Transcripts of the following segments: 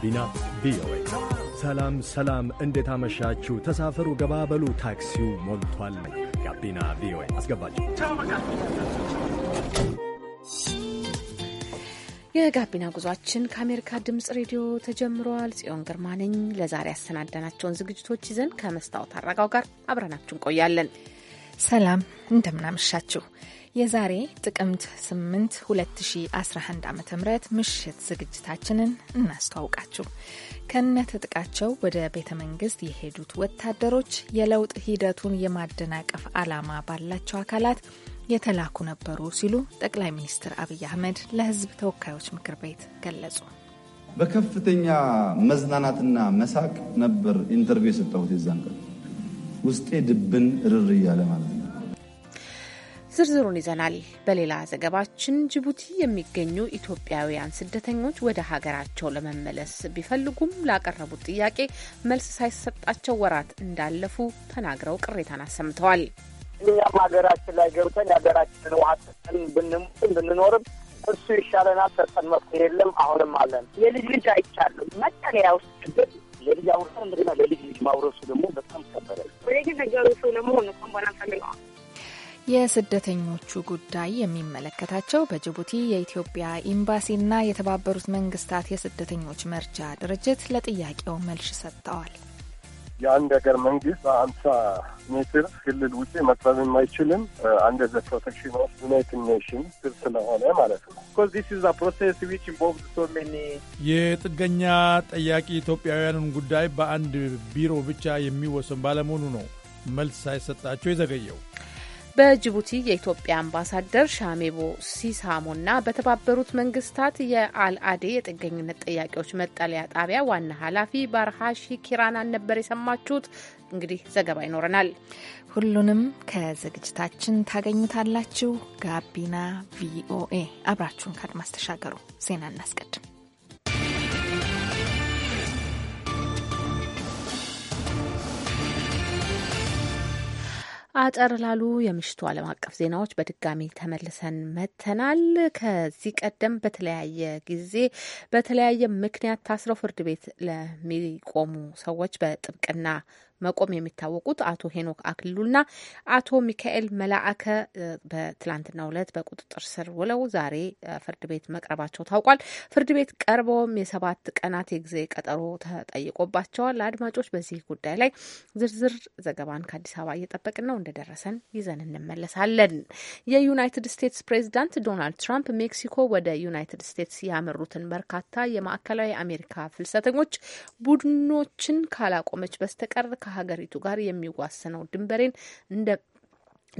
ጋቢና ቪኦኤ። ሰላም ሰላም፣ እንዴት አመሻችሁ? ተሳፈሩ፣ ገባበሉ፣ ታክሲው ሞልቷል። ጋቢና ቪኦኤ አስገባችሁ። የጋቢና ጉዟችን ከአሜሪካ ድምጽ ሬዲዮ ተጀምረዋል። ጽዮን ግርማ ነኝ። ለዛሬ ያሰናዳናቸውን ዝግጅቶች ይዘን ከመስታወት አረጋው ጋር አብረናችሁ እንቆያለን። ሰላም እንደምናመሻችሁ የዛሬ ጥቅምት 8 2011 ዓ ም ምሽት ዝግጅታችንን እናስተዋውቃችሁ። ከነትጥቃቸው ወደ ቤተ መንግስት የሄዱት ወታደሮች የለውጥ ሂደቱን የማደናቀፍ ዓላማ ባላቸው አካላት የተላኩ ነበሩ ሲሉ ጠቅላይ ሚኒስትር አብይ አህመድ ለህዝብ ተወካዮች ምክር ቤት ገለጹ። በከፍተኛ መዝናናትና መሳቅ ነበር ኢንተርቪው የሰጠሁት። የዛን ቀን ውስጤ ድብን ርር እያለ ማለት ነው። ዝርዝሩን ይዘናል። በሌላ ዘገባችን ጅቡቲ የሚገኙ ኢትዮጵያውያን ስደተኞች ወደ ሀገራቸው ለመመለስ ቢፈልጉም ላቀረቡት ጥያቄ መልስ ሳይሰጣቸው ወራት እንዳለፉ ተናግረው ቅሬታን አሰምተዋል። እኛም ሀገራችን ላይ ገብተን የሀገራችንን ውሃ ጠጥተን ብንሞትም ብንኖርም እሱ ይሻለናል። ሰጠን መፍትሄ የለም። አሁንም አለን። የልጅ ልጅ አይቻለሁ መጠለያ ውስጥ ስደት የልጅ አውርሰን እንደገና ለልጅ ልጅ ማውረሱ ደግሞ በጣም ከበደ። ወደ ነገሩ ሰው ለመሆን ነው ሆነ ፈልገዋል የስደተኞቹ ጉዳይ የሚመለከታቸው በጅቡቲ የኢትዮጵያ ኤምባሲና የተባበሩት መንግስታት የስደተኞች መርጃ ድርጅት ለጥያቄው መልስ ሰጥተዋል። የአንድ ሀገር መንግስት በአምሳ ሜትር ክልል ውጭ መጥረብ የማይችልም አንድ ዘ ፕሮቴክሽን ኦፍ ዩናይትድ ኔሽን ስር ስለሆነ ማለት ነው። የጥገኛ ጠያቂ ኢትዮጵያውያንን ጉዳይ በአንድ ቢሮ ብቻ የሚወሰን ባለመሆኑ ነው መልስ ሳይሰጣቸው የዘገየው። በጅቡቲ የኢትዮጵያ አምባሳደር ሻሜቦ ሲሳሞና በተባበሩት መንግስታት የአልአዴ የጥገኝነት ጥያቄዎች መጠለያ ጣቢያ ዋና ኃላፊ ባርሃሺ ኪራናን ነበር የሰማችሁት። እንግዲህ ዘገባ ይኖረናል። ሁሉንም ከዝግጅታችን ታገኙታላችሁ። ጋቢና ቪኦኤ አብራችሁን ከአድማስ ተሻገሩ። ዜና እናስቀድም። አጠር ላሉ የምሽቱ ዓለም አቀፍ ዜናዎች በድጋሚ ተመልሰን መተናል። ከዚህ ቀደም በተለያየ ጊዜ በተለያየ ምክንያት ታስረው ፍርድ ቤት ለሚቆሙ ሰዎች በጥብቅና መቆም የሚታወቁት አቶ ሄኖክ አክሊሉና አቶ ሚካኤል መላአከ በትላንትናው ዕለት በቁጥጥር ስር ውለው ዛሬ ፍርድ ቤት መቅረባቸው ታውቋል። ፍርድ ቤት ቀርበውም የሰባት ቀናት የጊዜ ቀጠሮ ተጠይቆባቸዋል። አድማጮች፣ በዚህ ጉዳይ ላይ ዝርዝር ዘገባን ከአዲስ አበባ እየጠበቅን ነው። እንደደረሰን ይዘን እንመለሳለን። የዩናይትድ ስቴትስ ፕሬዚዳንት ዶናልድ ትራምፕ ሜክሲኮ ወደ ዩናይትድ ስቴትስ ያመሩትን በርካታ የማዕከላዊ አሜሪካ ፍልሰተኞች ቡድኖችን ካላቆመች በስተቀር ከሀገሪቱ ጋር የሚዋስነው ድንበሬን እንደ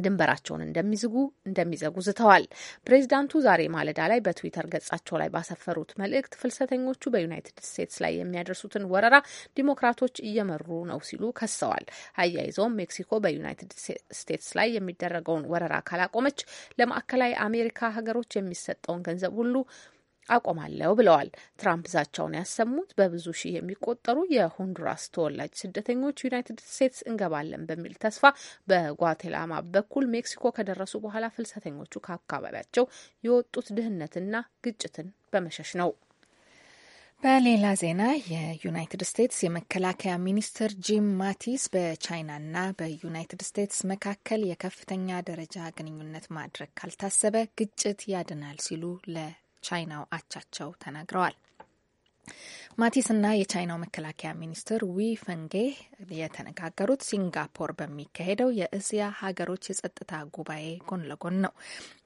ድንበራቸውን እንደሚዝጉ እንደሚዘጉ ዝተዋል። ፕሬዚዳንቱ ዛሬ ማለዳ ላይ በትዊተር ገጻቸው ላይ ባሰፈሩት መልእክት ፍልሰተኞቹ በዩናይትድ ስቴትስ ላይ የሚያደርሱትን ወረራ ዲሞክራቶች እየመሩ ነው ሲሉ ከሰዋል። አያይዘውም ሜክሲኮ በዩናይትድ ስቴትስ ላይ የሚደረገውን ወረራ ካላቆመች ለማዕከላዊ አሜሪካ ሀገሮች የሚሰጠውን ገንዘብ ሁሉ አቆማለሁ ብለዋል። ትራምፕ ዛቻውን ያሰሙት በብዙ ሺህ የሚቆጠሩ የሆንዱራስ ተወላጅ ስደተኞች ዩናይትድ ስቴትስ እንገባለን በሚል ተስፋ በጓቴላማ በኩል ሜክሲኮ ከደረሱ በኋላ ፍልሰተኞቹ ከአካባቢያቸው የወጡት ድህነትና ግጭትን በመሸሽ ነው። በሌላ ዜና የዩናይትድ ስቴትስ የመከላከያ ሚኒስትር ጂም ማቲስ በቻይናና በዩናይትድ ስቴትስ መካከል የከፍተኛ ደረጃ ግንኙነት ማድረግ ካልታሰበ ግጭት ያድናል ሲሉ ለ ቻይናው አቻቸው ተናግረዋል። ማቲስና የቻይናው መከላከያ ሚኒስትር ዊ ፈንጌ የተነጋገሩት ሲንጋፖር በሚካሄደው የእስያ ሀገሮች የጸጥታ ጉባኤ ጎን ለጎን ነው።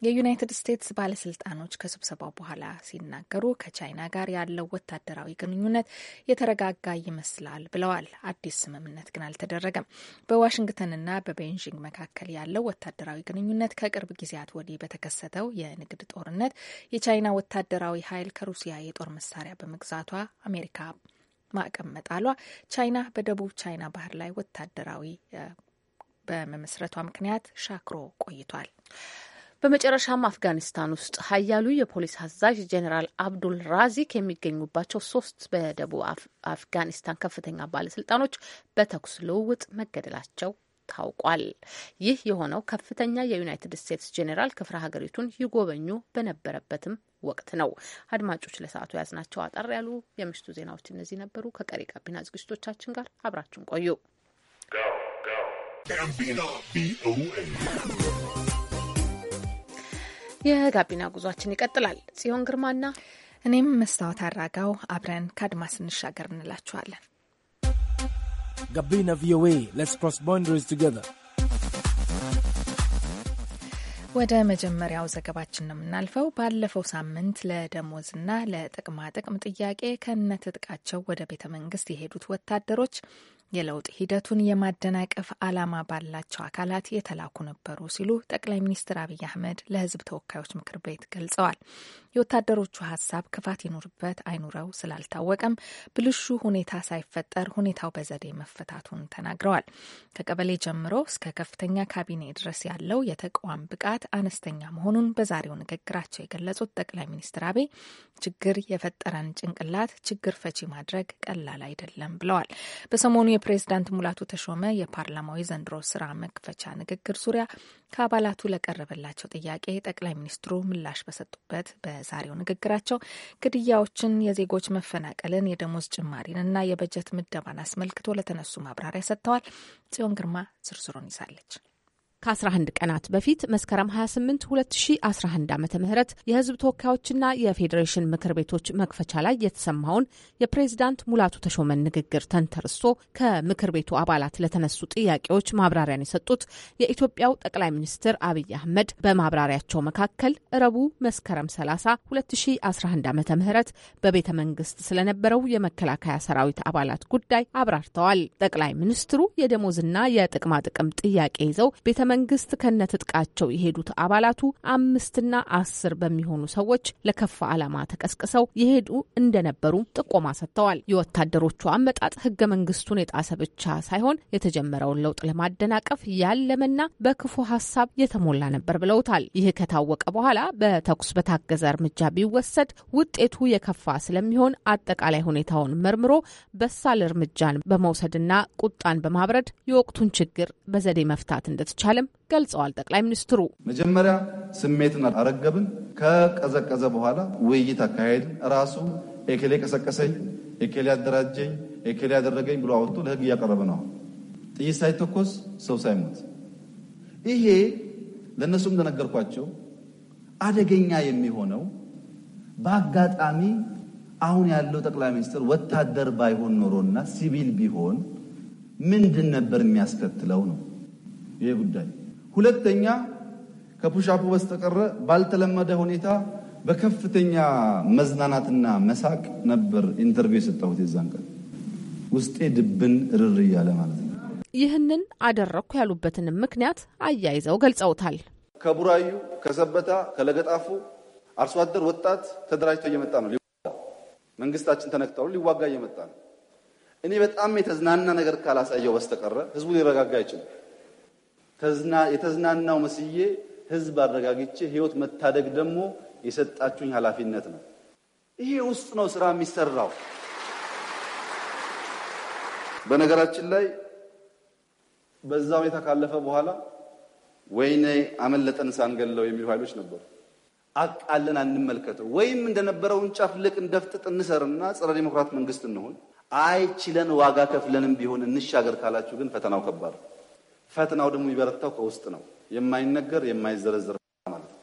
የዩናይትድ ስቴትስ ባለስልጣኖች ከስብሰባው በኋላ ሲናገሩ ከቻይና ጋር ያለው ወታደራዊ ግንኙነት የተረጋጋ ይመስላል ብለዋል። አዲስ ስምምነት ግን አልተደረገም። በዋሽንግተንና በቤይጂንግ መካከል ያለው ወታደራዊ ግንኙነት ከቅርብ ጊዜያት ወዲህ በተከሰተው የንግድ ጦርነት የቻይና ወታደራዊ ኃይል ከሩሲያ የጦር መሳሪያ በመግዛቷ አሜሪካ ማዕቀብ መጣሏ ቻይና በደቡብ ቻይና ባህር ላይ ወታደራዊ በመመስረቷ ምክንያት ሻክሮ ቆይቷል። በመጨረሻም አፍጋኒስታን ውስጥ ሀያሉ የፖሊስ አዛዥ ጀኔራል አብዱል ራዚክ የሚገኙባቸው ሶስት በደቡብ አፍጋኒስታን ከፍተኛ ባለስልጣኖች በተኩስ ልውውጥ መገደላቸው ታውቋል። ይህ የሆነው ከፍተኛ የዩናይትድ ስቴትስ ጄኔራል ክፍለ ሀገሪቱን ይጎበኙ በነበረበትም ወቅት ነው። አድማጮች ለሰዓቱ የያዝናቸው አጠር ያሉ የምሽቱ ዜናዎች እነዚህ ነበሩ። ከቀሪ ጋቢና ዝግጅቶቻችን ጋር አብራችሁን ቆዩ። የጋቢና ጉዟችን ይቀጥላል። ጽዮን ግርማና እኔም መስታወት አራጋው አብረን ከአድማስ እንሻገር እንላችኋለን። ጋቢና ቪኦኤ ሌትስ ክሮስ ቦንደሪስ ቱጌዘር ወደ መጀመሪያው ዘገባችን ነው የምናልፈው። ባለፈው ሳምንት ለደሞዝና ለጥቅማጥቅም ጥያቄ ከነትጥቃቸው ወደ ቤተ መንግስት የሄዱት ወታደሮች የለውጥ ሂደቱን የማደናቀፍ ዓላማ ባላቸው አካላት የተላኩ ነበሩ ሲሉ ጠቅላይ ሚኒስትር አብይ አህመድ ለሕዝብ ተወካዮች ምክር ቤት ገልጸዋል። የወታደሮቹ ሀሳብ ክፋት ይኑርበት አይኑረው ስላልታወቀም ብልሹ ሁኔታ ሳይፈጠር ሁኔታው በዘዴ መፈታቱን ተናግረዋል። ከቀበሌ ጀምሮ እስከ ከፍተኛ ካቢኔ ድረስ ያለው የተቃዋም ብቃት አነስተኛ መሆኑን በዛሬው ንግግራቸው የገለጹት ጠቅላይ ሚኒስትር አብይ ችግር የፈጠረን ጭንቅላት ችግር ፈቺ ማድረግ ቀላል አይደለም ብለዋል። በሰሞኑ በፕሬዝዳንት ሙላቱ ተሾመ የፓርላማዊ ዘንድሮ ስራ መክፈቻ ንግግር ዙሪያ ከአባላቱ ለቀረበላቸው ጥያቄ ጠቅላይ ሚኒስትሩ ምላሽ በሰጡበት በዛሬው ንግግራቸው ግድያዎችን፣ የዜጎች መፈናቀልን፣ የደሞዝ ጭማሪን እና የበጀት ምደባን አስመልክቶ ለተነሱ ማብራሪያ ሰጥተዋል። ጽዮን ግርማ ዝርዝሩን ይዛለች። ከ11 ቀናት በፊት መስከረም 28 2011 ዓ ም የህዝብ ተወካዮችና የፌዴሬሽን ምክር ቤቶች መክፈቻ ላይ የተሰማውን የፕሬዚዳንት ሙላቱ ተሾመን ንግግር ተንተርሶ ከምክር ቤቱ አባላት ለተነሱ ጥያቄዎች ማብራሪያን የሰጡት የኢትዮጵያው ጠቅላይ ሚኒስትር አብይ አህመድ በማብራሪያቸው መካከል እረቡ መስከረም 30 2011 ዓ ም በቤተ መንግስት ስለነበረው የመከላከያ ሰራዊት አባላት ጉዳይ አብራርተዋል። ጠቅላይ ሚኒስትሩ የደሞዝና የጥቅማጥቅም ጥያቄ ይዘው ቤተ መንግስት ከነትጥቃቸው የሄዱት አባላቱ አምስትና አስር በሚሆኑ ሰዎች ለከፋ ዓላማ ተቀስቅሰው የሄዱ እንደነበሩ ጥቆማ ሰጥተዋል። የወታደሮቹ አመጣጥ ህገ መንግስቱን የጣሰ ብቻ ሳይሆን የተጀመረውን ለውጥ ለማደናቀፍ ያለመና በክፉ ሀሳብ የተሞላ ነበር ብለውታል። ይህ ከታወቀ በኋላ በተኩስ በታገዘ እርምጃ ቢወሰድ ውጤቱ የከፋ ስለሚሆን አጠቃላይ ሁኔታውን መርምሮ በሳል እርምጃን በመውሰድና ቁጣን በማብረድ የወቅቱን ችግር በዘዴ መፍታት እንደተቻለ እንደሚቻልም ገልጸዋል። ጠቅላይ ሚኒስትሩ መጀመሪያ ስሜትን አረገብን ከቀዘቀዘ በኋላ ውይይት አካሄድን ራሱ ኤኬሌ ቀሰቀሰኝ፣ ኤኬሌ አደራጀኝ፣ ኤኬሌ ያደረገኝ ብሎ አወጡ ለህግ እያቀረበ ነው። ጥይት ሳይተኮስ ሰው ሳይሞት ይሄ ለእነሱም እንደነገርኳቸው አደገኛ የሚሆነው በአጋጣሚ አሁን ያለው ጠቅላይ ሚኒስትር ወታደር ባይሆን ኖሮና ሲቪል ቢሆን ምንድን ነበር የሚያስከትለው ነው። ይሄ ጉዳይ። ሁለተኛ ከፑሻፑ በስተቀረ ባልተለመደ ሁኔታ በከፍተኛ መዝናናትና መሳቅ ነበር ኢንተርቪው የሰጠሁት። የዛን ቀን ውስጤ ድብን እርር እያለ ማለት ነው። ይህንን አደረግኩ ያሉበትንም ምክንያት አያይዘው ገልጸውታል። ከቡራዩ ከሰበታ፣ ከለገጣፉ አርሶ አደር ወጣት ተደራጅቶ እየመጣ ነው። መንግስታችን ተነክተው ሊዋጋ እየመጣ ነው። እኔ በጣም የተዝናና ነገር ካላሳየው በስተቀረ ህዝቡ ሊረጋጋ አይችልም። የተዝናናው መስዬ ህዝብ አረጋግቼ ህይወት መታደግ ደግሞ የሰጣችሁኝ ኃላፊነት ነው። ይሄ ውስጥ ነው ስራ የሚሰራው። በነገራችን ላይ በዛ ሁኔታ ካለፈ በኋላ ወይኔ አመለጠን ሳንገለው የሚሉ ኃይሎች ነበሩ። አቃለን አንመልከተው፣ ወይም እንደነበረው እንጨፍልቅ፣ እንደፍጥጥ እንሰርና ጸረ ዲሞክራት መንግስት እንሆን አይችለን ዋጋ ከፍለንም ቢሆን እንሻገር ካላችሁ ግን ፈተናው ከባድ ፈተናው ደግሞ የሚበረታው ከውስጥ ነው። የማይነገር የማይዘረዝር ማለት ነው።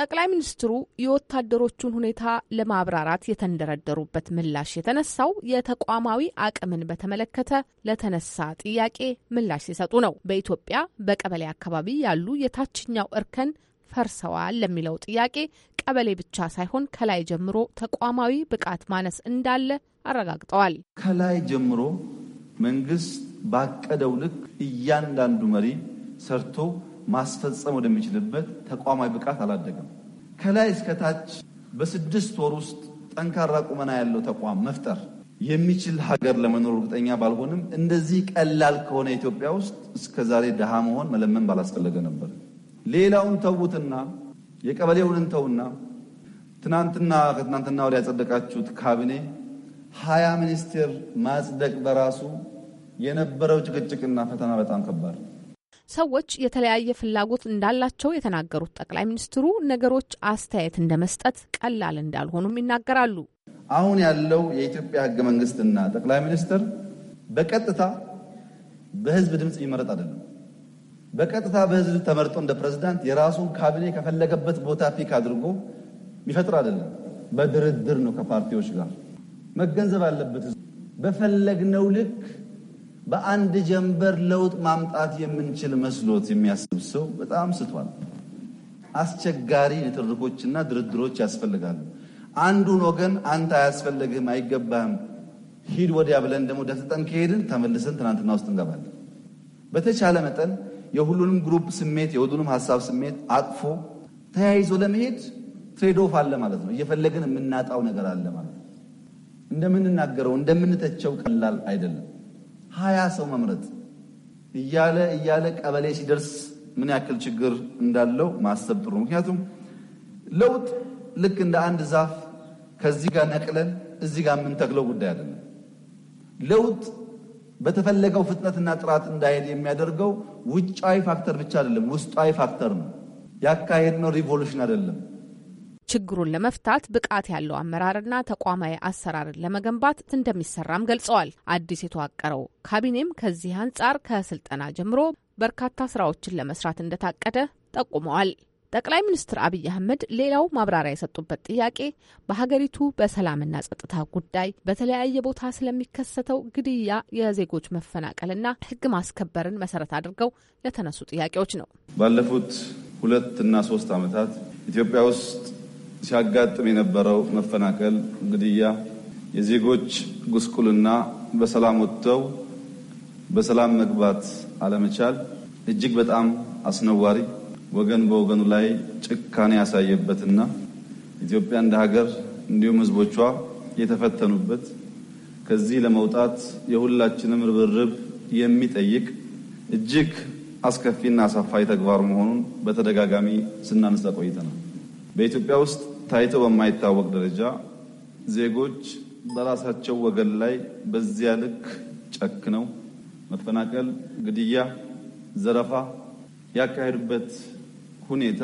ጠቅላይ ሚኒስትሩ የወታደሮቹን ሁኔታ ለማብራራት የተንደረደሩበት ምላሽ የተነሳው የተቋማዊ አቅምን በተመለከተ ለተነሳ ጥያቄ ምላሽ ሲሰጡ ነው። በኢትዮጵያ በቀበሌ አካባቢ ያሉ የታችኛው እርከን ፈርሰዋል ለሚለው ጥያቄ ቀበሌ ብቻ ሳይሆን ከላይ ጀምሮ ተቋማዊ ብቃት ማነስ እንዳለ አረጋግጠዋል። ከላይ ጀምሮ መንግስት ባቀደው ልክ እያንዳንዱ መሪ ሰርቶ ማስፈጸም ወደሚችልበት ተቋማዊ ብቃት አላደገም። ከላይ እስከታች በስድስት ወር ውስጥ ጠንካራ ቁመና ያለው ተቋም መፍጠር የሚችል ሀገር ለመኖር እርግጠኛ ባልሆንም እንደዚህ ቀላል ከሆነ ኢትዮጵያ ውስጥ እስከ ዛሬ ድሃ መሆን መለመን ባላስፈለገ ነበር። ሌላውን ተዉትና የቀበሌውን እንተውና ትናንትና ከትናንትና ወዲያ ያጸደቃችሁት ካቢኔ ሀያ ሚኒስቴር ማጽደቅ በራሱ የነበረው ጭቅጭቅና ፈተና በጣም ከባድ ነው። ሰዎች የተለያየ ፍላጎት እንዳላቸው የተናገሩት ጠቅላይ ሚኒስትሩ ነገሮች አስተያየት እንደ መስጠት ቀላል እንዳልሆኑም ይናገራሉ። አሁን ያለው የኢትዮጵያ ህገ መንግስትና ጠቅላይ ሚኒስትር በቀጥታ በህዝብ ድምፅ የሚመረጥ አይደለም። በቀጥታ በህዝብ ተመርጦ እንደ ፕሬዝዳንት የራሱን ካቢኔ ከፈለገበት ቦታ ፒክ አድርጎ የሚፈጥር አይደለም። በድርድር ነው ከፓርቲዎች ጋር መገንዘብ አለበት። በፈለግነው ልክ በአንድ ጀንበር ለውጥ ማምጣት የምንችል መስሎት የሚያስብ ሰው በጣም ስቷል። አስቸጋሪ ንትርኮችና ድርድሮች ያስፈልጋሉ። አንዱን ወገን አንተ አያስፈልግህም፣ አይገባህም፣ ሂድ ወዲያ ብለን ደግሞ ደፍጠን ከሄድን ተመልሰን ትናንትና ውስጥ እንገባለን። በተቻለ መጠን የሁሉንም ግሩፕ ስሜት የሁሉንም ሀሳብ ስሜት አቅፎ ተያይዞ ለመሄድ ትሬድ ኦፍ አለ ማለት ነው። እየፈለግን የምናጣው ነገር አለ ማለት ነው። እንደምንናገረው እንደምንተቸው ቀላል አይደለም። ሀያ ሰው መምረጥ እያለ እያለ ቀበሌ ሲደርስ ምን ያክል ችግር እንዳለው ማሰብ ጥሩ። ምክንያቱም ለውጥ ልክ እንደ አንድ ዛፍ ከዚህ ጋር ነቅለን እዚህ ጋር የምንተክለው ጉዳይ አይደለም። ለውጥ በተፈለገው ፍጥነትና ጥራት እንዳይሄድ የሚያደርገው ውጫዊ ፋክተር ብቻ አይደለም፣ ውስጣዊ ፋክተር ነው። ያካሄድነው ሪቮሉሽን አይደለም። ችግሩን ለመፍታት ብቃት ያለው አመራርና ተቋማዊ አሰራርን ለመገንባት እንደሚሰራም ገልጸዋል። አዲስ የተዋቀረው ካቢኔም ከዚህ አንጻር ከስልጠና ጀምሮ በርካታ ስራዎችን ለመስራት እንደታቀደ ጠቁመዋል። ጠቅላይ ሚኒስትር አብይ አህመድ ሌላው ማብራሪያ የሰጡበት ጥያቄ በሀገሪቱ በሰላምና ጸጥታ ጉዳይ በተለያየ ቦታ ስለሚከሰተው ግድያ፣ የዜጎች መፈናቀልና ሕግ ማስከበርን መሰረት አድርገው ለተነሱ ጥያቄዎች ነው። ባለፉት ሁለት እና ሶስት ዓመታት ኢትዮጵያ ውስጥ ሲያጋጥም የነበረው መፈናቀል፣ ግድያ፣ የዜጎች ጉስቁልና፣ በሰላም ወጥተው በሰላም መግባት አለመቻል እጅግ በጣም አስነዋሪ ወገን በወገኑ ላይ ጭካኔ ያሳየበትና ኢትዮጵያ እንደ ሀገር እንዲሁም ሕዝቦቿ የተፈተኑበት ከዚህ ለመውጣት የሁላችንም ርብርብ የሚጠይቅ እጅግ አስከፊና አሳፋይ ተግባር መሆኑን በተደጋጋሚ ስናነሳ ቆይተናል። በኢትዮጵያ ውስጥ ታይቶ በማይታወቅ ደረጃ ዜጎች በራሳቸው ወገን ላይ በዚያ ልክ ጨክነው መፈናቀል፣ ግድያ፣ ዘረፋ ያካሄዱበት ሁኔታ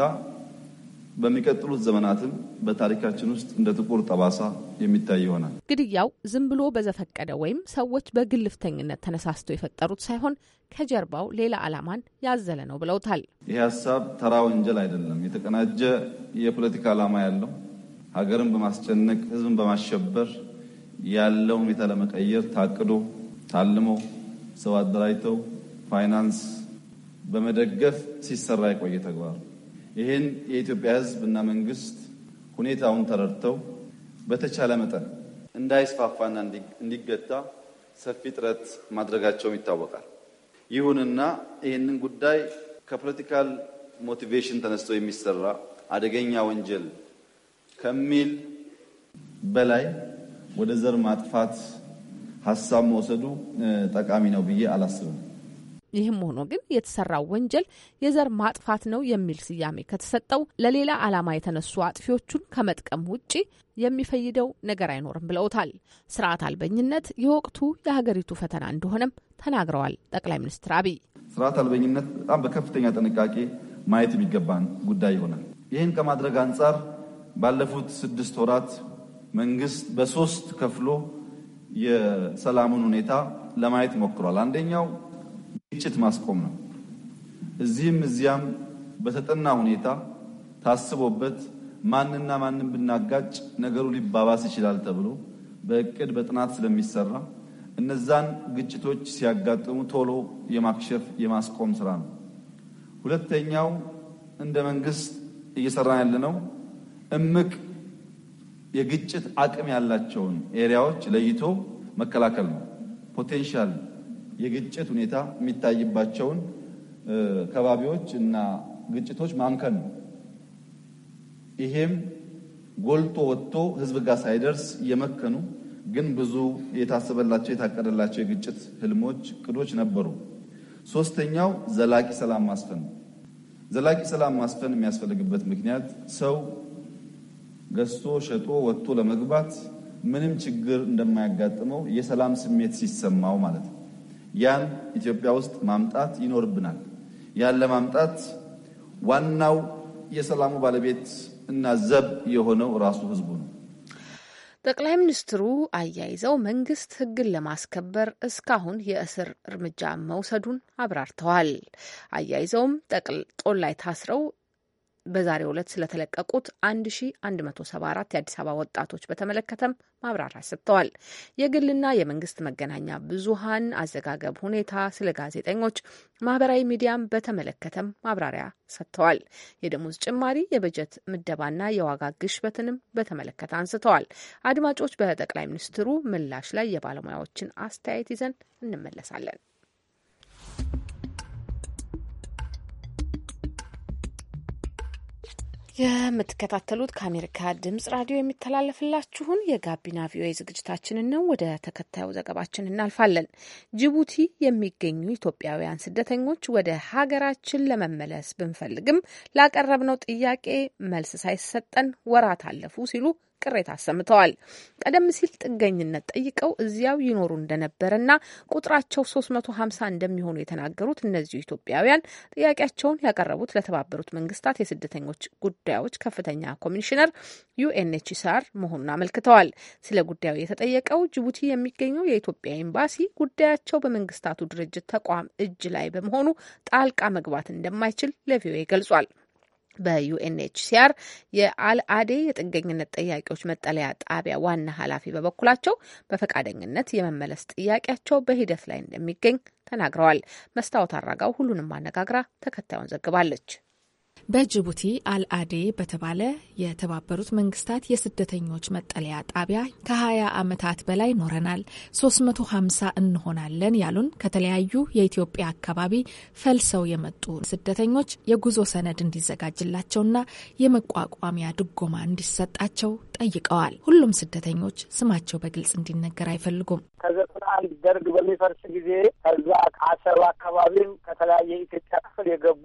በሚቀጥሉት ዘመናትም በታሪካችን ውስጥ እንደ ጥቁር ጠባሳ የሚታይ ይሆናል። ግድያው ዝም ብሎ በዘፈቀደ ወይም ሰዎች በግልፍተኝነት ተነሳስተው የፈጠሩት ሳይሆን ከጀርባው ሌላ ዓላማን ያዘለ ነው ብለውታል። ይህ ሀሳብ ተራ ወንጀል አይደለም። የተቀናጀ የፖለቲካ ዓላማ ያለው ሀገርን በማስጨነቅ ህዝብን በማሸበር ያለው ሁኔታ ለመቀየር ታቅዶ ታልሞ ሰው አደራጅተው ፋይናንስ በመደገፍ ሲሰራ የቆየ ተግባር ይህን የኢትዮጵያ ህዝብ እና መንግስት ሁኔታውን ተረድተው በተቻለ መጠን እንዳይስፋፋና እንዲገታ ሰፊ ጥረት ማድረጋቸውም ይታወቃል። ይሁንና ይህንን ጉዳይ ከፖለቲካል ሞቲቬሽን ተነስቶ የሚሰራ አደገኛ ወንጀል ከሚል በላይ ወደ ዘር ማጥፋት ሀሳብ መውሰዱ ጠቃሚ ነው ብዬ አላስብም። ይህም ሆኖ ግን የተሰራው ወንጀል የዘር ማጥፋት ነው የሚል ስያሜ ከተሰጠው ለሌላ ዓላማ የተነሱ አጥፊዎቹን ከመጥቀም ውጪ የሚፈይደው ነገር አይኖርም ብለውታል። ስርዓት አልበኝነት የወቅቱ የሀገሪቱ ፈተና እንደሆነም ተናግረዋል። ጠቅላይ ሚኒስትር አብይ ስርዓት አልበኝነት በጣም በከፍተኛ ጥንቃቄ ማየት የሚገባን ጉዳይ ይሆናል። ይህን ከማድረግ አንጻር ባለፉት ስድስት ወራት መንግስት በሶስት ከፍሎ የሰላሙን ሁኔታ ለማየት ሞክሯል። አንደኛው ግጭት ማስቆም ነው። እዚህም እዚያም በተጠና ሁኔታ ታስቦበት ማንና ማንም ብናጋጭ ነገሩ ሊባባስ ይችላል ተብሎ በእቅድ በጥናት ስለሚሰራ እነዛን ግጭቶች ሲያጋጥሙ ቶሎ የማክሸፍ የማስቆም ስራ ነው። ሁለተኛው እንደ መንግስት እየሰራ ያለነው እምቅ የግጭት አቅም ያላቸውን ኤሪያዎች ለይቶ መከላከል ነው። ፖቴንሻል የግጭት ሁኔታ የሚታይባቸውን ከባቢዎች እና ግጭቶች ማምከን ነው። ይሄም ጎልቶ ወጥቶ ህዝብ ጋር ሳይደርስ እየመከኑ ግን ብዙ የታሰበላቸው የታቀደላቸው የግጭት ህልሞች፣ እቅዶች ነበሩ። ሶስተኛው ዘላቂ ሰላም ማስፈን ነው። ዘላቂ ሰላም ማስፈን የሚያስፈልግበት ምክንያት ሰው ገዝቶ ሸጦ ወጥቶ ለመግባት ምንም ችግር እንደማያጋጥመው የሰላም ስሜት ሲሰማው ማለት ነው። ያን ኢትዮጵያ ውስጥ ማምጣት ይኖርብናል። ያን ለማምጣት ዋናው የሰላሙ ባለቤት እና ዘብ የሆነው ራሱ ህዝቡ ነው። ጠቅላይ ሚኒስትሩ አያይዘው መንግስት ህግን ለማስከበር እስካሁን የእስር እርምጃ መውሰዱን አብራርተዋል። አያይዘውም ጦር ላይ ታስረው በዛሬው ዕለት ስለተለቀቁት 1174 የአዲስ አበባ ወጣቶች በተመለከተም ማብራሪያ ሰጥተዋል። የግልና የመንግስት መገናኛ ብዙሃን አዘጋገብ ሁኔታ፣ ስለ ጋዜጠኞች፣ ማህበራዊ ሚዲያም በተመለከተም ማብራሪያ ሰጥተዋል። የደሞዝ ጭማሪ፣ የበጀት ምደባና የዋጋ ግሽበትንም በተመለከተ አንስተዋል። አድማጮች፣ በጠቅላይ ሚኒስትሩ ምላሽ ላይ የባለሙያዎችን አስተያየት ይዘን እንመለሳለን። የምትከታተሉት ከአሜሪካ ድምጽ ራዲዮ የሚተላለፍላችሁን የጋቢና ቪኦኤ ዝግጅታችንን ነው። ወደ ተከታዩ ዘገባችን እናልፋለን። ጅቡቲ የሚገኙ ኢትዮጵያውያን ስደተኞች ወደ ሀገራችን ለመመለስ ብንፈልግም ላቀረብነው ጥያቄ መልስ ሳይሰጠን ወራት አለፉ ሲሉ ቅሬታ አሰምተዋል። ቀደም ሲል ጥገኝነት ጠይቀው እዚያው ይኖሩ እንደነበረና ቁጥራቸው 350 እንደሚሆኑ የተናገሩት እነዚሁ ኢትዮጵያውያን ጥያቄያቸውን ያቀረቡት ለተባበሩት መንግስታት የስደተኞች ጉዳዮች ከፍተኛ ኮሚሽነር ዩኤንኤችሲአር መሆኑን አመልክተዋል። ስለ ጉዳዩ የተጠየቀው ጅቡቲ የሚገኘው የኢትዮጵያ ኤምባሲ ጉዳያቸው በመንግስታቱ ድርጅት ተቋም እጅ ላይ በመሆኑ ጣልቃ መግባት እንደማይችል ለቪኦኤ ገልጿል። በዩኤንኤችሲአር የአልአዴ የጥገኝነት ጠያቂዎች መጠለያ ጣቢያ ዋና ኃላፊ በበኩላቸው በፈቃደኝነት የመመለስ ጥያቄያቸው በሂደት ላይ እንደሚገኝ ተናግረዋል። መስታወት አራጋው ሁሉንም አነጋግራ ተከታዩን ዘግባለች። በጅቡቲ አልአዴ በተባለ የተባበሩት መንግስታት የስደተኞች መጠለያ ጣቢያ ከ20 ዓመታት በላይ ኖረናል። 350 እንሆናለን ያሉን ከተለያዩ የኢትዮጵያ አካባቢ ፈልሰው የመጡ ስደተኞች የጉዞ ሰነድ እንዲዘጋጅላቸውና የመቋቋሚያ ድጎማ እንዲሰጣቸው ጠይቀዋል። ሁሉም ስደተኞች ስማቸው በግልጽ እንዲነገር አይፈልጉም። አንድ ደርግ በሚፈርስ ጊዜ ከዛ ከአሰብ አካባቢም ከተለያየ ኢትዮጵያ ክፍል የገቡ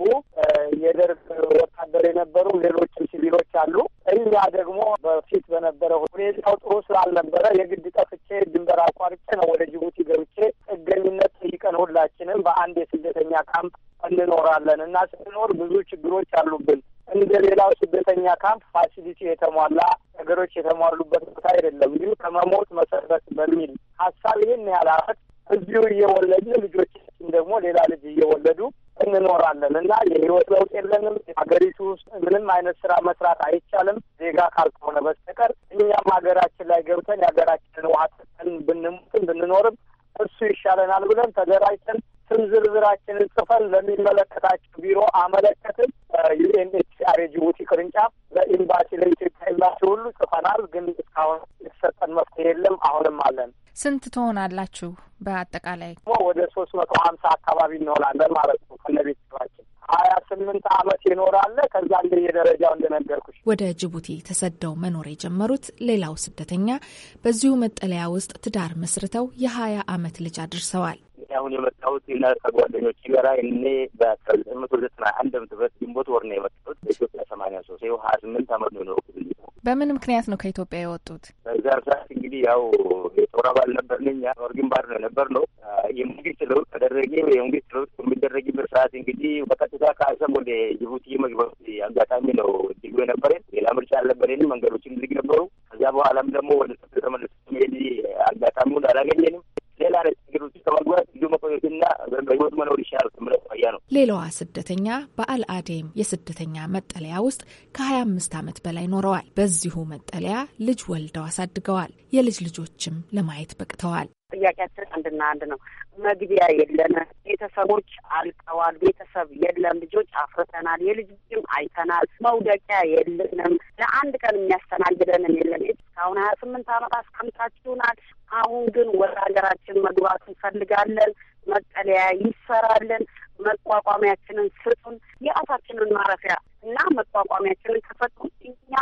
የደርግ ወታደር የነበሩ ሌሎችም ሲቪሎች አሉ። እኛ ደግሞ በፊት በነበረ ሁኔታው ጥሩ ስላልነበረ የግድ ጠፍቼ ድንበር አቋርጬ ነው ወደ ጅቡቲ ገብቼ ጥገኝነት ጠይቀን ሁላችንም በአንድ የስደተኛ ካምፕ እንኖራለን እና ስንኖር ብዙ ችግሮች አሉብን። እንደ ሌላው ስደተኛ ካምፕ ፋሲሊቲ የተሟላ ነገሮች የተሟሉበት ቦታ አይደለም። ይህ ከመሞት መሰረት በሚል ሀሳብ ይህን ያህል አመት እዚሁ እየወለድን ልጆቻችን ደግሞ ሌላ ልጅ እየወለዱ እንኖራለን እና የህይወት ለውጥ የለንም። ሀገሪቱ ውስጥ ምንም አይነት ስራ መስራት አይቻልም ዜጋ ካልሆነ በስተቀር እኛም ሀገራችን ላይ ገብተን የሀገራችንን ውሃ ጠጥተን ብንሞትም ብንኖርም እሱ ይሻለናል ብለን ተደራጅተን ስም ዝርዝራችንን ጽፈን ለሚመለከታቸው ቢሮ አመለከትን። ዩኤንኤችሲአር የጅቡቲ ቅርንጫፍ ለኤምባሲ ለኢትዮጵያ ኤምባሲ ሁሉ ጽፈናል፣ ግን እስካሁን የተሰጠን መፍትሄ የለም። አሁንም አለን። ስንት ትሆናላችሁ? በአጠቃላይ ወደ ሶስት መቶ ሀምሳ አካባቢ እንሆናለን ማለት ነው ከነ ቤተሰባችን ሀያ ስምንት አመት ይኖራለ። ከዛ እንደ የደረጃው እንደነገርኩሽ ወደ ጅቡቲ ተሰደው መኖር የጀመሩት ሌላው ስደተኛ በዚሁ መጠለያ ውስጥ ትዳር መስርተው የሀያ አመት ልጅ አድርሰዋል። አሁን የመጣሁት እና ከጓደኞች ጋራ እኔ በአስራ መቶ ዘጠና አንድ ዓመተ ምህረት ግንቦት ወር ነው የመጣሁት በኢትዮጵያ ሰማንያ ሶስት ይኸው ሀያ ስምንት ዓመት ነው። በምን ምክንያት ነው ከኢትዮጵያ የወጡት? በዛን ሰዓት እንግዲህ ያው የጦር አባል ነበርን እኛ ጦር ግንባር ነው የነበር ነው። የመንግስት ለውጥ ተደረገ። የመንግስት ለውጥ በሚደረግበት ሰዓት እንግዲህ በቀጥታ ከአሰብ ወደ ጅቡቲ መግባት አጋጣሚ ነው ዲጎ የነበረን። ሌላ ምርጫ አልነበረንም። መንገዶችን ዝግ ነበሩ። ከዚያ በኋላም ደግሞ ወደ ተመለስ ሄድ አጋጣሚውን አላገኘንም። ሸዋሮሪሻል ምለ ያ ነው። ሌላዋ ስደተኛ በአልአዴም የስደተኛ መጠለያ ውስጥ ከ አምስት ዓመት በላይ ኖረዋል። በዚሁ መጠለያ ልጅ ወልደው አሳድገዋል። የልጅ ልጆችም ለማየት በቅተዋል። ጥያቄያችን አንድና አንድ ነው። መግቢያ የለም። ቤተሰቦች አልቀዋል። ቤተሰብ የለም። ልጆች አፍርተናል። የልጅ ልጅም አይተናል። መውደቂያ የለንም። ለአንድ ቀን የሚያስተናግደንም የለን። እስካሁን ሀያ ስምንት ዓመት አስቀምጣችሁናል። አሁን ግን ወደ ሀገራችን መግባት እንፈልጋለን። መጠለያ ይሰራልን፣ መቋቋሚያችንን ስጡን፣ የራሳችንን ማረፊያ እና መቋቋሚያችንን ከሰጡን እኛ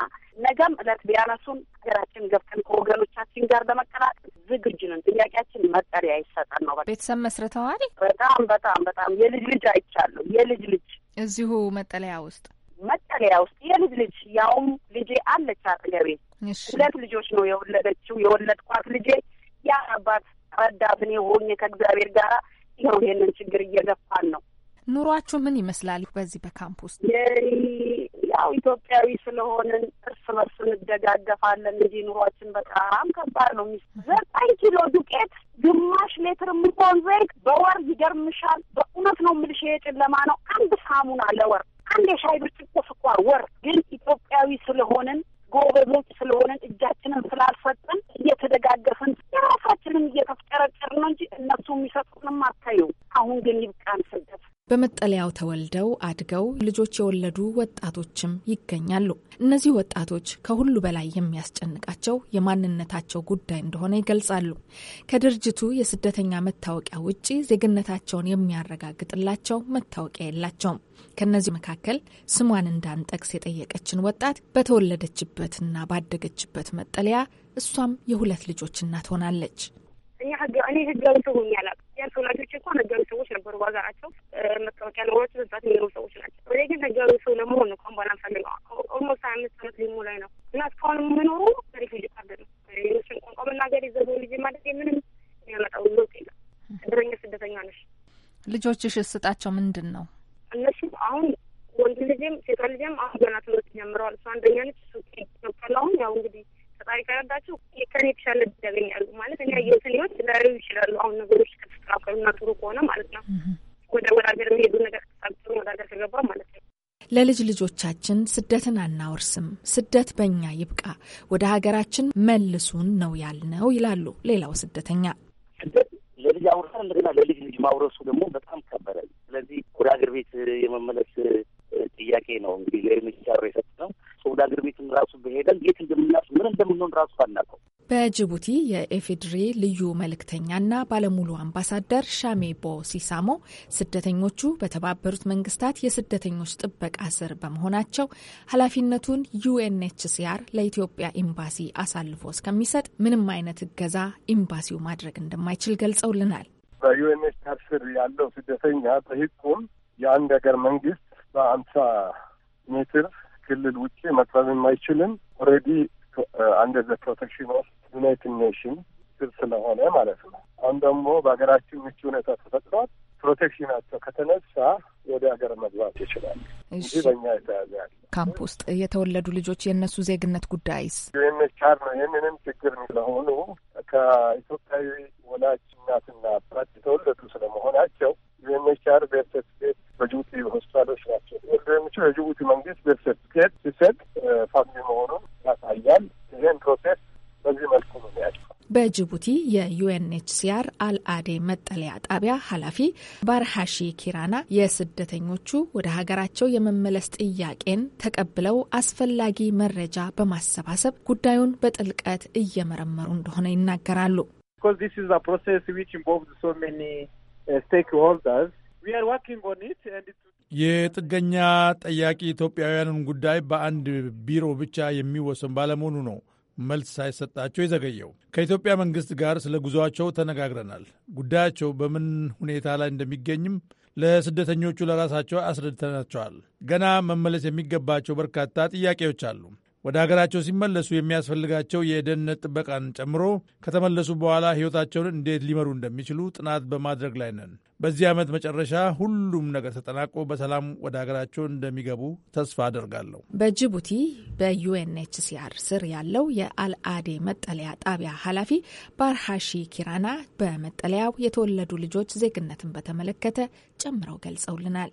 ነገም እለት ቢያነሱን ሀገራችን ገብተን ከወገኖቻችን ጋር ለመቀላቀል ዝግጁ ነን። ጥያቄያችን መጠለያ ይሰጠን ነው። ቤተሰብ መስርተዋል። በጣም በጣም በጣም የልጅ ልጅ አይቻለሁ። የልጅ ልጅ እዚሁ መጠለያ ውስጥ መጠለያ ውስጥ የልጅ ልጅ ያውም ልጄ አለች አጠገቤ። ሁለት ልጆች ነው የወለደችው የወለድኳት ልጄ ያ አባት ረዳት እኔ ሆኜ ከእግዚአብሔር ጋር ነው ይሄንን ችግር እየገፋን ነው። ኑሯችሁ ምን ይመስላል በዚህ በካምፕ ውስጥ? ያው ኢትዮጵያዊ ስለሆንን እርስ በርስ እንደጋገፋለን እንጂ ኑሯችን በጣም ከባድ ነው። ዘጠኝ ኪሎ ዱቄት፣ ግማሽ ሌትር የሚሆን ዘይት በወር ይገርምሻል። በእውነት ነው የምልሽ ይሄ ጨለማ ነው። አንድ ሳሙና ለወር አንድ የሻይ ብርጭቆ ስኳር ወር ግን ኢትዮጵያዊ ስለሆንን ጎበዞች ስለሆነን እጃችንን ስላልሰጠን እየተደጋገፍን የራሳችንን እየተፍጨረጨር ነው እንጂ እነሱ የሚሰጡንም አታየው። አሁን ግን ይብቃን ስደት። በመጠለያው ተወልደው አድገው ልጆች የወለዱ ወጣቶችም ይገኛሉ። እነዚህ ወጣቶች ከሁሉ በላይ የሚያስጨንቃቸው የማንነታቸው ጉዳይ እንደሆነ ይገልጻሉ። ከድርጅቱ የስደተኛ መታወቂያ ውጪ ዜግነታቸውን የሚያረጋግጥላቸው መታወቂያ የላቸውም። ከእነዚህ መካከል ስሟን እንዳንጠቅስ የጠየቀችን ወጣት በተወለደችበትና ባደገችበት መጠለያ እሷም የሁለት ልጆች እናት ሆናለች። እኔ ህጋዊ ትሆኛል የእርስ ወላጆች እኮ ነገሩ ሰዎች ነበሩ። በሀገራቸው መታወቂያ ኖሯቸው መስራት የሚኖሩ ሰዎች ናቸው። ወደ ግን ነገሩ ሰው ለመሆን ነው ከአሁን ፈልገ ኦልሞስት ሀያ አምስት አመት ሊሙ ላይ ነው እና እስካሁን የምኖሩ ሪፊውጂ ካርድ ነው። ሌሎችን ቋንቋ መናገር የዘቦ ልጅ ማለት ምንም የሚያመጣው ለውጥ የለም። ስደተኛ ስደተኛ ነሽ። ልጆችሽ ስጣቸው ምንድን ነው እነሱም አሁን ወንድ ልጅም ሴቷ ልጅም አሁን ገና ትምህርት ጀምረዋል። እሱ አንደኛ ነች። እሱ ገብቷል። አሁን ያው እንግዲህ ፈጣሪ ከረዳቸው ከኔ የተሻለ ያገኛሉ ማለት እኔ ያየሁትን ህይወት ላዩ ይችላሉ። አሁን ነገሮች ከተስተካከሉና ጥሩ ከሆነ ማለት ነው ወደ ወደ ሀገር የሚሄዱ ነገር ከተሳሰሩ ወደ ሀገር ከገባ ማለት ነው። ለልጅ ልጆቻችን ስደትን አናወርስም፣ ስደት በእኛ ይብቃ፣ ወደ ሀገራችን መልሱን ነው ያልነው ይላሉ ሌላው ስደተኛ። ስደት ለልጅ አውርሰን እንደገና ለልጅ ልጅ ማውረሱ ደግሞ በጅቡቲ የኤፌድሬ ልዩ መልእክተኛና ባለሙሉ አምባሳደር ሻሜቦ ሲሳሞ ስደተኞቹ በተባበሩት መንግስታት የስደተኞች ጥበቃ ስር በመሆናቸው ኃላፊነቱን ዩኤንኤችሲአር ለኢትዮጵያ ኤምባሲ አሳልፎ እስከሚሰጥ ምንም አይነት እገዛ ኤምባሲው ማድረግ እንደማይችል ገልጸውልናል። በዩኤንኤችሲአር ስር ያለው ስደተኛ በህጉም የአንድ ሀገር መንግስት በአምሳ ሜትር ክልል ውጭ መጥረብ የማይችልም ኦልሬዲ አንደር ዘ ፕሮቴክሽን ኦፍ ዩናይትድ ኔሽን ስር ስለሆነ ማለት ነው። አሁን ደግሞ በሀገራችን ምቹ ሁኔታ ተፈጥሯል። ፕሮቴክሽናቸው ከተነሳ ወደ ሀገር መግባት ይችላል እንጂ በእኛ የተያዘ ያለ ካምፕ ውስጥ የተወለዱ ልጆች የእነሱ ዜግነት ጉዳይስ ዩኤንኤችአር ነው ይህንንም ችግር ስለሆኑ ከኢትዮጵያዊ ወላጅ በጅቡቲ የዩኤንኤችሲአር አልአዴ መጠለያ ጣቢያ ኃላፊ ባርሃሺ ኪራና የስደተኞቹ ወደ ሀገራቸው የመመለስ ጥያቄን ተቀብለው አስፈላጊ መረጃ በማሰባሰብ ጉዳዩን በጥልቀት እየመረመሩ እንደሆነ ይናገራሉ። uh, የጥገኛ ጠያቂ ኢትዮጵያውያንን ጉዳይ በአንድ ቢሮ ብቻ የሚወሰን ባለመሆኑ ነው መልስ ሳይሰጣቸው የዘገየው። ከኢትዮጵያ መንግስት ጋር ስለ ጉዞቸው ተነጋግረናል። ጉዳያቸው በምን ሁኔታ ላይ እንደሚገኝም ለስደተኞቹ ለራሳቸው አስረድተናቸዋል። ገና መመለስ የሚገባቸው በርካታ ጥያቄዎች አሉ። ወደ ሀገራቸው ሲመለሱ የሚያስፈልጋቸው የደህንነት ጥበቃን ጨምሮ ከተመለሱ በኋላ ሕይወታቸውን እንዴት ሊመሩ እንደሚችሉ ጥናት በማድረግ ላይ ነን። በዚህ ዓመት መጨረሻ ሁሉም ነገር ተጠናቆ በሰላም ወደ ሀገራቸው እንደሚገቡ ተስፋ አደርጋለሁ። በጅቡቲ በዩኤንኤችሲአር ስር ያለው የአልአዴ መጠለያ ጣቢያ ኃላፊ ባርሃሺ ኪራና በመጠለያው የተወለዱ ልጆች ዜግነትን በተመለከተ ጨምረው ገልጸውልናል።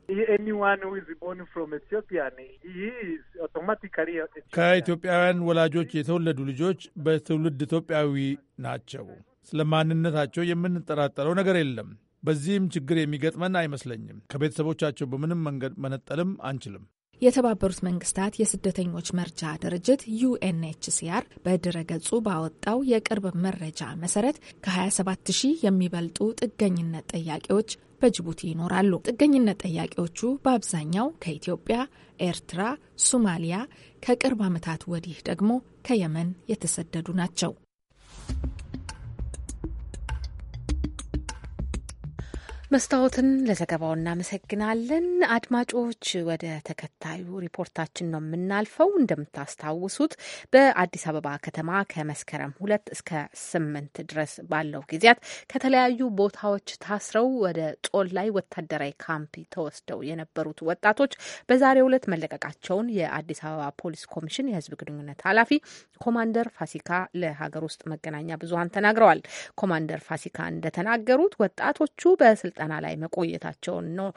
ከኢትዮጵያውያን ወላጆች የተወለዱ ልጆች በትውልድ ኢትዮጵያዊ ናቸው። ስለ ማንነታቸው የምንጠራጠረው ነገር የለም። በዚህም ችግር የሚገጥመን አይመስለኝም። ከቤተሰቦቻቸው በምንም መንገድ መነጠልም አንችልም። የተባበሩት መንግስታት የስደተኞች መርጃ ድርጅት ዩኤንኤችሲአር በድረገጹ ባወጣው የቅርብ መረጃ መሰረት ከ27 ሺህ የሚበልጡ ጥገኝነት ጠያቂዎች በጅቡቲ ይኖራሉ። ጥገኝነት ጠያቂዎቹ በአብዛኛው ከኢትዮጵያ፣ ኤርትራ፣ ሶማሊያ፣ ከቅርብ ዓመታት ወዲህ ደግሞ ከየመን የተሰደዱ ናቸው። መስታወትን ለዘገባው እናመሰግናለን። አድማጮች ወደ ተከታዩ ሪፖርታችን ነው የምናልፈው። እንደምታስታውሱት በአዲስ አበባ ከተማ ከመስከረም ሁለት እስከ ስምንት ድረስ ባለው ጊዜያት ከተለያዩ ቦታዎች ታስረው ወደ ጦል ላይ ወታደራዊ ካምፕ ተወስደው የነበሩት ወጣቶች በዛሬው ዕለት መለቀቃቸውን የአዲስ አበባ ፖሊስ ኮሚሽን የሕዝብ ግንኙነት ኃላፊ ኮማንደር ፋሲካ ለሀገር ውስጥ መገናኛ ብዙኃን ተናግረዋል። ኮማንደር ፋሲካ እንደተናገሩት ወጣቶቹ በስልጣ ስልጠና ላይ መቆየታቸውን ነው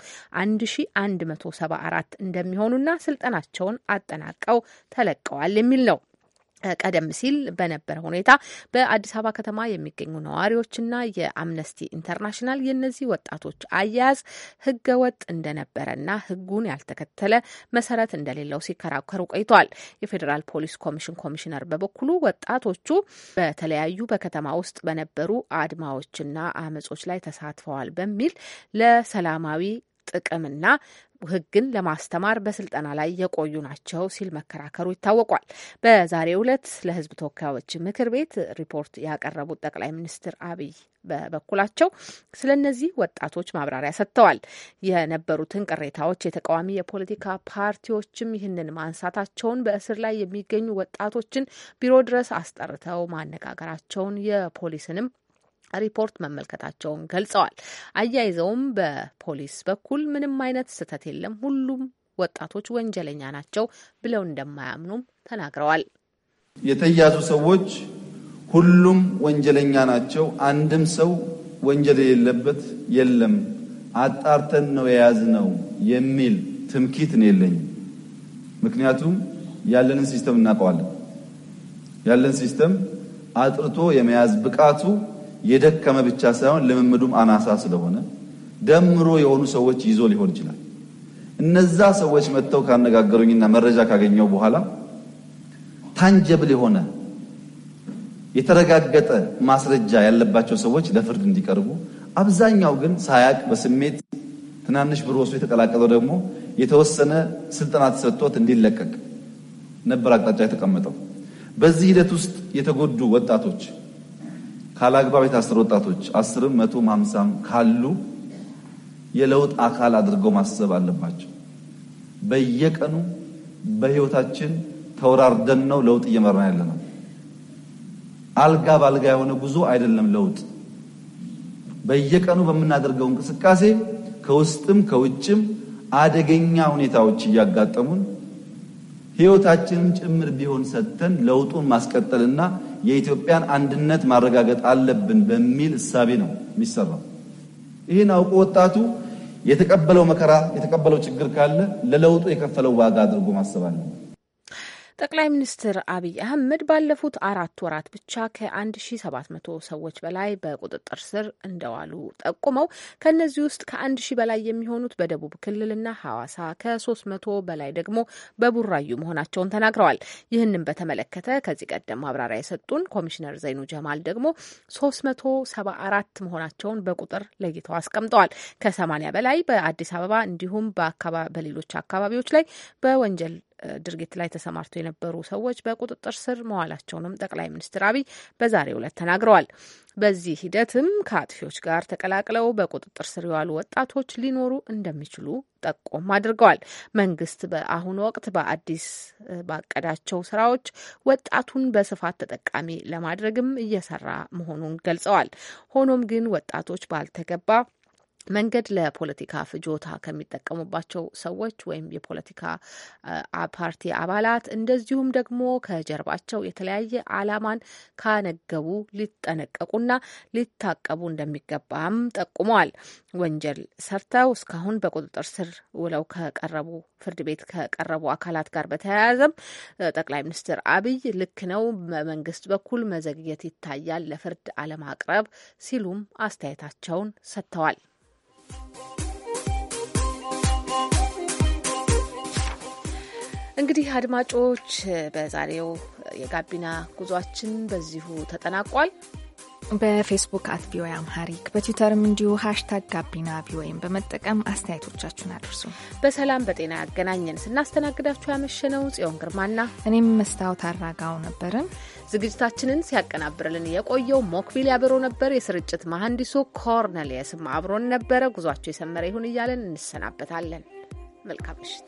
1174 እንደሚሆኑና ስልጠናቸውን አጠናቀው ተለቀዋል የሚል ነው። ቀደም ሲል በነበረ ሁኔታ በአዲስ አበባ ከተማ የሚገኙ ነዋሪዎችና የአምነስቲ ኢንተርናሽናል የእነዚህ ወጣቶች አያያዝ ህገወጥ እንደነበረና ህጉን ያልተከተለ መሰረት እንደሌለው ሲከራከሩ ቆይተዋል። የፌዴራል ፖሊስ ኮሚሽን ኮሚሽነር በበኩሉ ወጣቶቹ በተለያዩ በከተማ ውስጥ በነበሩ አድማዎችና አመጾች ላይ ተሳትፈዋል በሚል ለሰላማዊ ጥቅምና ህግን ለማስተማር በስልጠና ላይ የቆዩ ናቸው ሲል መከራከሩ ይታወቋል። በዛሬው ዕለት ለህዝብ ተወካዮች ምክር ቤት ሪፖርት ያቀረቡት ጠቅላይ ሚኒስትር አብይ በበኩላቸው ስለ እነዚህ ወጣቶች ማብራሪያ ሰጥተዋል። የነበሩትን ቅሬታዎች የተቃዋሚ የፖለቲካ ፓርቲዎችም ይህንን ማንሳታቸውን፣ በእስር ላይ የሚገኙ ወጣቶችን ቢሮ ድረስ አስጠርተው ማነጋገራቸውን፣ የፖሊስንም ሪፖርት መመልከታቸውን ገልጸዋል። አያይዘውም በፖሊስ በኩል ምንም አይነት ስህተት የለም፣ ሁሉም ወጣቶች ወንጀለኛ ናቸው ብለው እንደማያምኑም ተናግረዋል። የተያዙ ሰዎች ሁሉም ወንጀለኛ ናቸው፣ አንድም ሰው ወንጀል የሌለበት የለም፣ አጣርተን ነው የያዝነው የሚል ትምኪት ነው የለኝም። ምክንያቱም ያለንን ሲስተም እናውቀዋለን። ያለን ሲስተም አጥርቶ የመያዝ ብቃቱ የደከመ ብቻ ሳይሆን ልምምዱም አናሳ ስለሆነ ደምሮ የሆኑ ሰዎች ይዞ ሊሆን ይችላል። እነዛ ሰዎች መጥተው ካነጋገሩኝና መረጃ ካገኘው በኋላ ታንጀብል የሆነ የተረጋገጠ ማስረጃ ያለባቸው ሰዎች ለፍርድ እንዲቀርቡ፣ አብዛኛው ግን ሳያቅ በስሜት ትናንሽ ብር ወስዶ የተቀላቀለው ደግሞ የተወሰነ ስልጠና ተሰጥቶት እንዲለቀቅ ነበር አቅጣጫ የተቀመጠው። በዚህ ሂደት ውስጥ የተጎዱ ወጣቶች ካላግባብ የታሰሩ ወጣቶች አስርም መቶም ካሉ የለውጥ አካል አድርገው ማሰብ አለባቸው። በየቀኑ በህይወታችን ተወራርደን ነው ለውጥ እየመራን ያለ ነው። አልጋ በአልጋ የሆነ ጉዞ አይደለም ለውጥ። በየቀኑ በምናደርገው እንቅስቃሴ ከውስጥም ከውጭም አደገኛ ሁኔታዎች እያጋጠሙን ህይወታችንም ጭምር ቢሆን ሰጥተን ለውጡን ማስቀጠልና የኢትዮጵያን አንድነት ማረጋገጥ አለብን በሚል እሳቤ ነው የሚሰራው። ይህን አውቆ ወጣቱ የተቀበለው መከራ የተቀበለው ችግር ካለ ለለውጡ የከፈለው ዋጋ አድርጎ ማሰብ አለበት። ጠቅላይ ሚኒስትር አብይ አህመድ ባለፉት አራት ወራት ብቻ ከ1700 ሰዎች በላይ በቁጥጥር ስር እንደዋሉ ጠቁመው ከእነዚህ ውስጥ ከ1000 በላይ የሚሆኑት በደቡብ ክልልና ሐዋሳ ከ300 በላይ ደግሞ በቡራዩ መሆናቸውን ተናግረዋል። ይህንም በተመለከተ ከዚህ ቀደም ማብራሪያ የሰጡን ኮሚሽነር ዘይኑ ጀማል ደግሞ 374 መሆናቸውን በቁጥር ለይተው አስቀምጠዋል። ከ80 በላይ በአዲስ አበባ እንዲሁም በሌሎች አካባቢዎች ላይ በወንጀል ድርጊት ላይ ተሰማርተው የነበሩ ሰዎች በቁጥጥር ስር መዋላቸውንም ጠቅላይ ሚኒስትር አብይ በዛሬው ዕለት ተናግረዋል። በዚህ ሂደትም ከአጥፊዎች ጋር ተቀላቅለው በቁጥጥር ስር የዋሉ ወጣቶች ሊኖሩ እንደሚችሉ ጠቆም አድርገዋል። መንግስት በአሁኑ ወቅት በአዲስ ባቀዳቸው ስራዎች ወጣቱን በስፋት ተጠቃሚ ለማድረግም እየሰራ መሆኑን ገልጸዋል። ሆኖም ግን ወጣቶች ባልተገባ መንገድ ለፖለቲካ ፍጆታ ከሚጠቀሙባቸው ሰዎች ወይም የፖለቲካ ፓርቲ አባላት እንደዚሁም ደግሞ ከጀርባቸው የተለያየ ዓላማን ካነገቡ ሊጠነቀቁና ሊታቀቡ እንደሚገባም ጠቁመዋል። ወንጀል ሰርተው እስካሁን በቁጥጥር ስር ውለው ከቀረቡ ፍርድ ቤት ከቀረቡ አካላት ጋር በተያያዘም ጠቅላይ ሚኒስትር አብይ ልክ ነው፣ በመንግስት በኩል መዘግየት ይታያል፣ ለፍርድ አለማቅረብ ሲሉም አስተያየታቸውን ሰጥተዋል። እንግዲህ አድማጮች በዛሬው የጋቢና ጉዟችን በዚሁ ተጠናቋል። በፌስቡክ አት ቪኦኤ አምሃሪክ በትዊተርም እንዲሁ ሀሽታግ ጋቢና ቪኦኤም በመጠቀም አስተያየቶቻችሁን አድርሱ። በሰላም በጤና ያገናኘን። ስናስተናግዳችሁ ያመሸነው ጽዮን ግርማና እኔም መስታወት አራጋው ነበርን። ዝግጅታችንን ሲያቀናብርልን የቆየው ሞክቢል ያብሮ ነበር። የስርጭት መሐንዲሱ ኮርኔሊየስም አብሮን ነበረ። ጉዟቸው የሰመረ ይሁን እያለን እንሰናበታለን። መልካም ምሽት።